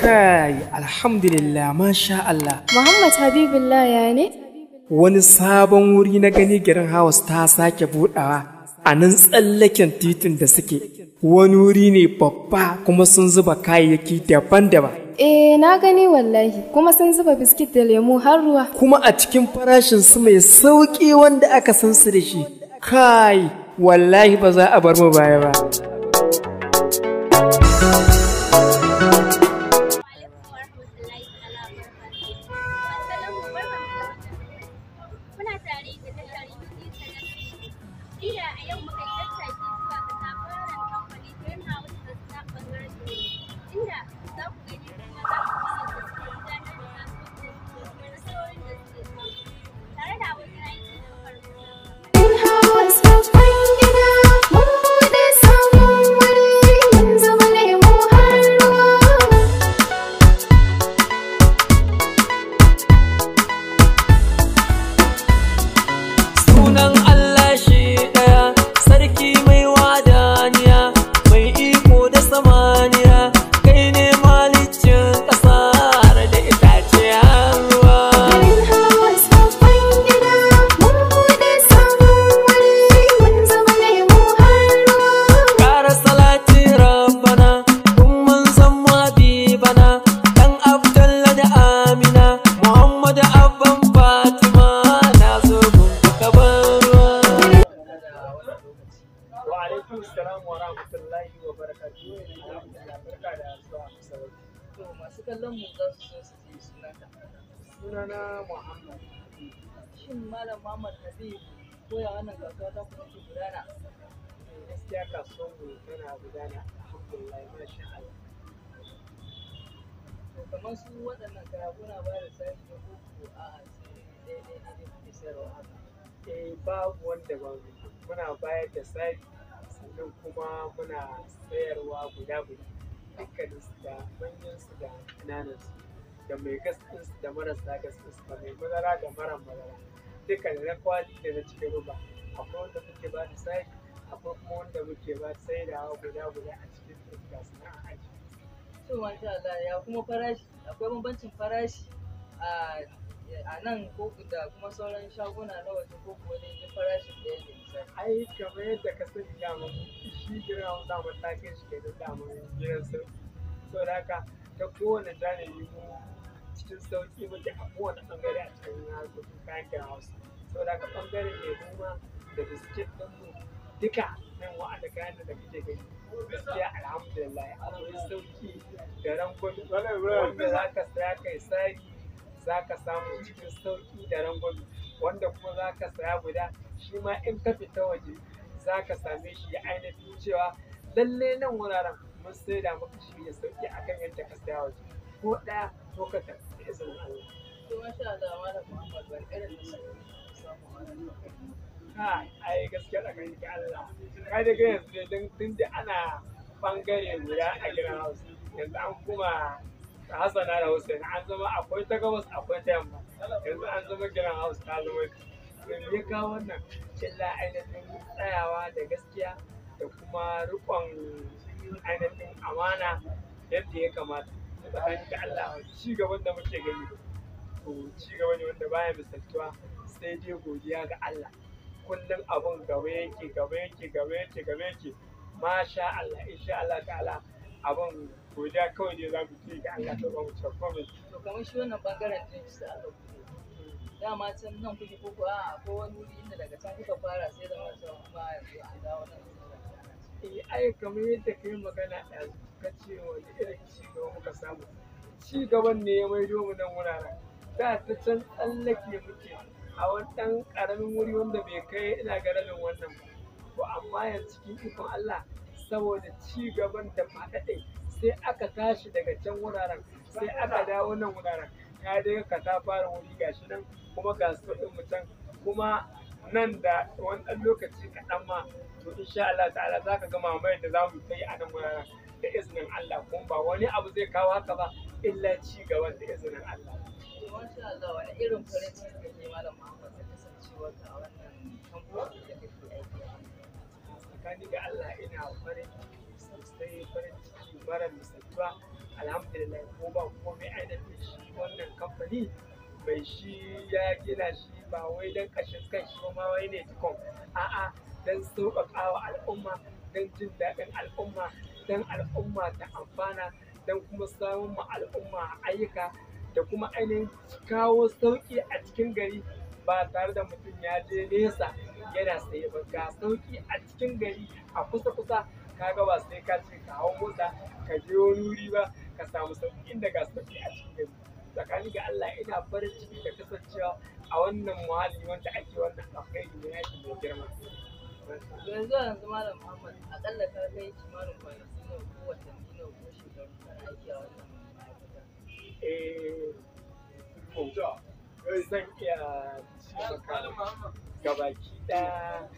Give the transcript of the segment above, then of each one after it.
Kai, alhamdulillah, masha Allah. Muhammad Habibullah ya ne? Wani sabon wuri na gani garin Hawas ta sake budawa a nan tsallaken titin da suke. Wani wuri ne babba kuma sun zuba kayayyaki daban-daban. Eh, na gani wallahi, kuma sun zuba biskit da lemu har ruwa. Kuma a cikin farashin su mai sauƙi wanda aka san su da shi. Kai, wallahi ba za a bar mu baya ba. Wa alaikum salam wa rahmatullahi wa barakatuhu. Barka da zuwa To masu kallon mu za su Sunana Muhammad. Shin Malam Muhammad Nabi koya wannan kasuwa ta kuma ke gudana? Eh, gaskiya kasuwar mu tana gudana alhamdulillah masha Allah. To kamar su waɗannan karaguna ba da sani da koko a daidai ne da kuke sayarwa haka. ce babu wanda ba muna bayar da tsari sannan kuma muna sayarwa guda guda dukkanin su da manyan su da ƙananan su da mai gas su da marasa gas su da mai madara da mara madara duka da na kwali da na cikin ruba akwai wanda muke ba da tsari akwai kuma wanda muke ba sai da guda guda a cikin turka sana'a aji. to masha Allah ya kuma farashi akwai bambancin farashi a a nan ko da kuma sauran shaguna na waje ko kuwa ne farashin da yake ai kamar yadda ka sani dama shi gidan hausa damar lafiya shi ke da damar gidan sau sau da haka ta kowane janibi mu cikin sauki muke a kowane bangare a cikin harkokin kayan gidan hausa sau da haka bangaren lemu ma da biskit ɗin mu duka nan wa'anda kayan da kake gani gaskiya alhamdulillah an sauki da rangon wanda za ka saya kai sari za ka samu cikin sauƙi da rangwami wanda kuma za ka saya guda shi ma in ka fita waje za ka same shi ya ainihin cewa lalle nan wuraren mun sai da maka shi ya sauƙi akan yadda ka saya waje ko ɗaya ko ka tafi izinin Allah. Kai, ai gaskiya da kai Allah. Kai da yanzu ne tun da ana ɓangare guda a gidan Hausa yanzu an kuma Hassana da Hussein an zama akwai ta gabas akwai ta yamma yanzu an zama giran house ta zama yanzu ya kawo wannan cilla ainihin tsayawa da gaskiya da kuma rikon ainihin amana yadda ya kamata tsakanin da Allah ci gaban da muke gani to ci gaba ne wanda baya misaltuwa sai dai godiya ga Allah kullum abun gaba yake gaba yake gaba yake gaba yake masha Allah insha Allah ta'ala abun Ko da kawai ne za mu ce ga Allah ta ba mu tabbata to kamar shi wannan bangaren din shi da Allah dama can nan kuke ko ko a ko wani wuri inda daga can kuka fara sai da wani sauran kuma yanzu an dawo nan eh ai kamar yadda kai magana ɗazu ka ce wani irin ci gaba muka samu ci gaban ne ya maido mu nan wuraren da ta can tsallake muke a wani ɗan ƙaramin wuri wanda bai kai ina ga wannan ba to amma yanzu cikin ikon Allah saboda ci gaban da faɗaɗe tashi daga can wuraren sai aka dawo nan wuraren ya dai ka ta fara wuri gashi nan kuma ga su ɗin mutum kuma nan da wani ɗan lokaci kaɗan ma to insha Allah ta'ala za ka ga mamayar da za mu yi a nan wuraren da izinin Allah kuma ba wani abu zai kawo haka ba illa ci gaba da izinin Allah. wani irin farin ciki da ke malam Muhammad da a wannan kamfani da kake aiki tsakani ga Allah ina farin sosai farin ciki ibada da sani ba alhamdulillah ko ba komai ainihin shi wannan kamfani mai shi ya gina shi ba wai don kashin kan shi ma wai ne jikon a'a don sauƙaƙawa al'umma don jin daɗin al'umma don al'umma ta amfana don kuma samun ma al'umma ayyuka da kuma ainihin kawo sauƙi a cikin gari ba tare da mutum ya je nesa yana saye ba ga sauƙi a cikin gari a kusa-kusa kaga ba sai ka ce ka hau mota ka je wani wuri ba ka samu sauƙin da ga sauƙi a cikin gari tsakani ga Allah ina farin ciki da kasancewa a wannan muhalli wanda ake wannan alkhairi ne yaki mai girma yanzu yanzu malam Muhammad akalla ka kai kimanin kwanaki nawa ko watanni nawa ko shekaru kana aiki a wannan ma'aikata eh zan iya ci gabaki ɗaya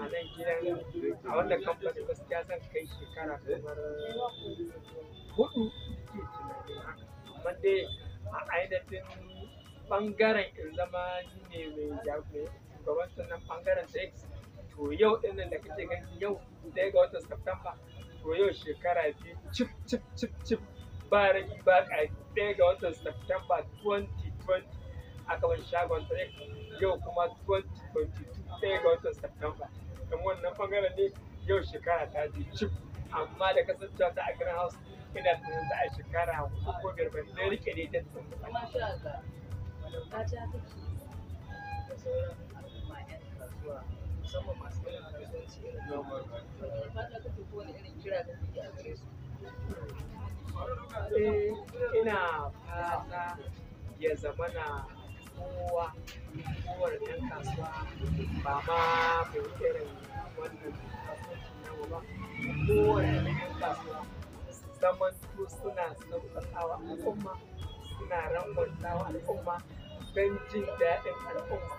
a nan gidan a wannan kamfanin gaskiya zan kai shekara kamar hudu ke tunanin haka amma dai a ainihin bangaren in zama ne mai bangaren sex to yau dinnan da kake gani yau daya ga watan Septemba to yau shekara biyu cif cif cif ba ragi ba ƙari ɗaya ga watan Septemba 2020 aka shagon Drake yau kuma 2022 ɗaya ga watan Septemba in wannan bangaren ne yau shekara ta je cif amma da kasancewa ta a greenhouse ina tunanin ta a shekara hudu ko biyar ban rike ne ta tsaye. Masha Allah, ta ja da sauran al'umma 'yan kasuwa musamman masu irin Fata kowane irin kira da a gare su. Eh, ina fata ya zamana kowa kowar ɗan kasuwa ba ma mai irin wannan kasuwanci namu ba da ɗan kasuwa zaman suna sauƙaƙawa al'umma suna rangwantawa al'umma don jin daɗin al'umma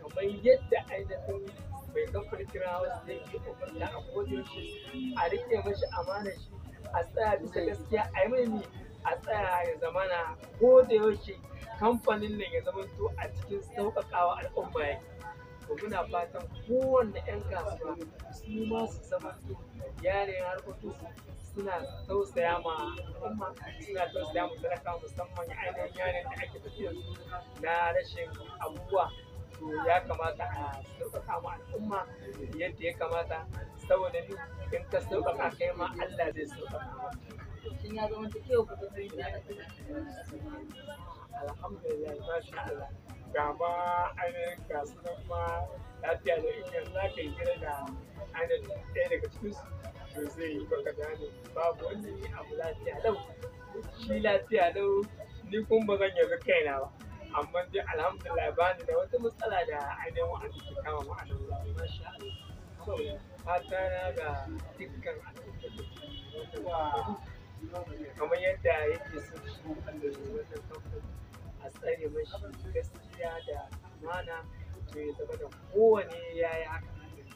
kamar yadda ainihin bai kafar kira wasu zai ke umarta a shi, a rike mashi amana shi a tsaya bisa gaskiya a yi mai a tsaya ya zamana ko da yaushe. kamfanin nan ya zama to a cikin sauƙaƙawa al'umma ya to muna fatan kowanne 'yan kasuwa su ma su zama to yanayin harkokin suna tausaya ma al'umma suna tausaya ma sadaka musamman ainihin yaren da ake tafiya na rashin abubuwa to ya kamata a sauƙaƙa ma al'umma yadda ya kamata saboda ni in ka sauƙaƙa kai ma Allah zai sauƙaƙa maka shin ya zama alhamdulillah masha Allah ga ma ainihin ga ma lafiya da in yanzu za ka yi gida da anan ɗaya daga cikinsu to zai yi baka gane babu wani abu lafiya lau shi lafiya lau ni kun ba zan yanzu kaina ba amma dai alhamdulillah ba ni da wata matsala da ainihin wa'anda ke kama ma'anar zaɓe masha Allah fata na ga dukkan kamar yadda yake son shi Allah ya wata kamfani a tsare mashi gaskiya da amana to ya zama da kowane ya yi haka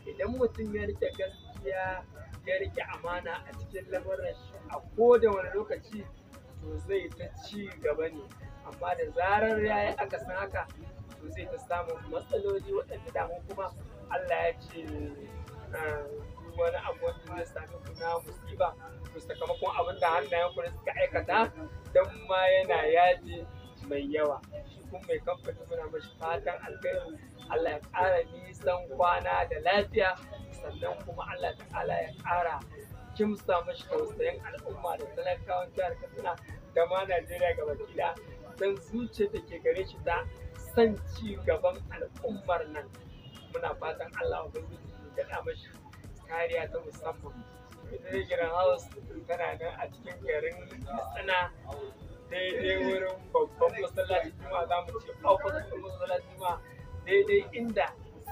idan mutum ya rike gaskiya ya rike amana a cikin lamarin shi a koda wani lokaci to zai ta ci gaba ne amma da zarar ya yi aka san haka to zai ta samun matsaloli waɗanda damu kuma Allah ya ce ah, wani abu wanda zai sami kuna musiba to sakamakon abin da hannayen ku suka aikata Don ma yana yaji mai yawa shi kuma mai kamfani muna mashi fatan alkhairi Allah ya ƙara nisan kwana da lafiya sannan kuma Allah ta'ala ya ƙara kimsa shi tausayin al'umma da talakawan jihar katsina da ma najeriya ga ɗaya don zuciya da ke gare shi ta san ci gaban al'ummar nan muna fatan allah ubangiji ya daɗa mashi kariya ta musamman ita da gidan house tana nan a cikin garin katsina daidai wurin babban masallaci kuma za mu ce ofis masallaci ma daidai inda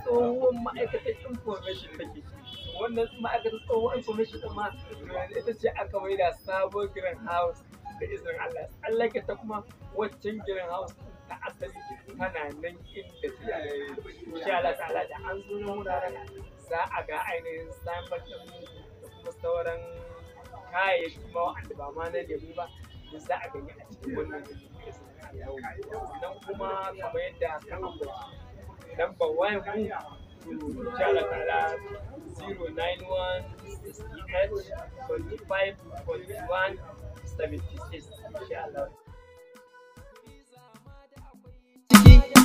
tsohon ma'aikatar information take wannan ma'aikatar tsohon information ɗin ma ita ce aka mai da sabon green house da izinin Allah tsallake ta kuma waccan green house ta asali tana nan inda ta yi insha Allah ta'ala da an zo na wuraren za a ga ainihin sambar ɗin da kuma sauran kayayyaki ma wa'anda ba ma na lemu ba duk za a gani a cikin wannan nan kuma kamar yadda kan ambaci lamba wayan mu Chalakala 091 25 41 76 inshallah.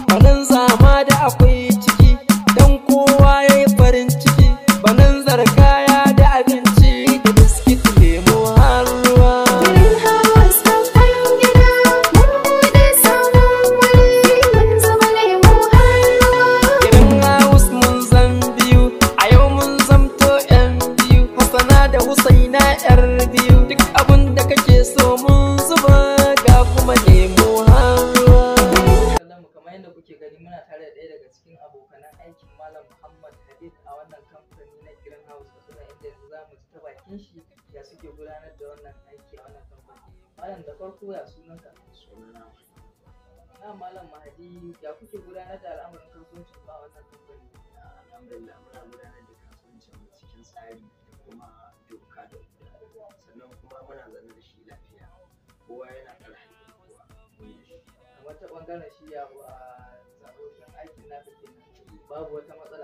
Farin zama da akwai ciki, don kowa ya yi farin ciki. kuke gani muna tare da ɗaya daga cikin abokanan aikin Malam Muhammad Hadid a wannan kamfani na Green House suna inda yanzu za mu ci ta bakin shi ya suke gudanar da wannan aiki a wannan kamfani. Malam da farko ya sunanka. Sunana Na Malam Mahadi ya kuke gudanar da al'amarin kasuwancin ba a wannan kamfani. Alhamdulillah muna gudanar da kasuwancin mu cikin tsari da kuma doka da sannan kuma muna zaune da shi lafiya kowa yana ƙarfi kowa. Kamar ta ɓangaren 不会他妈的！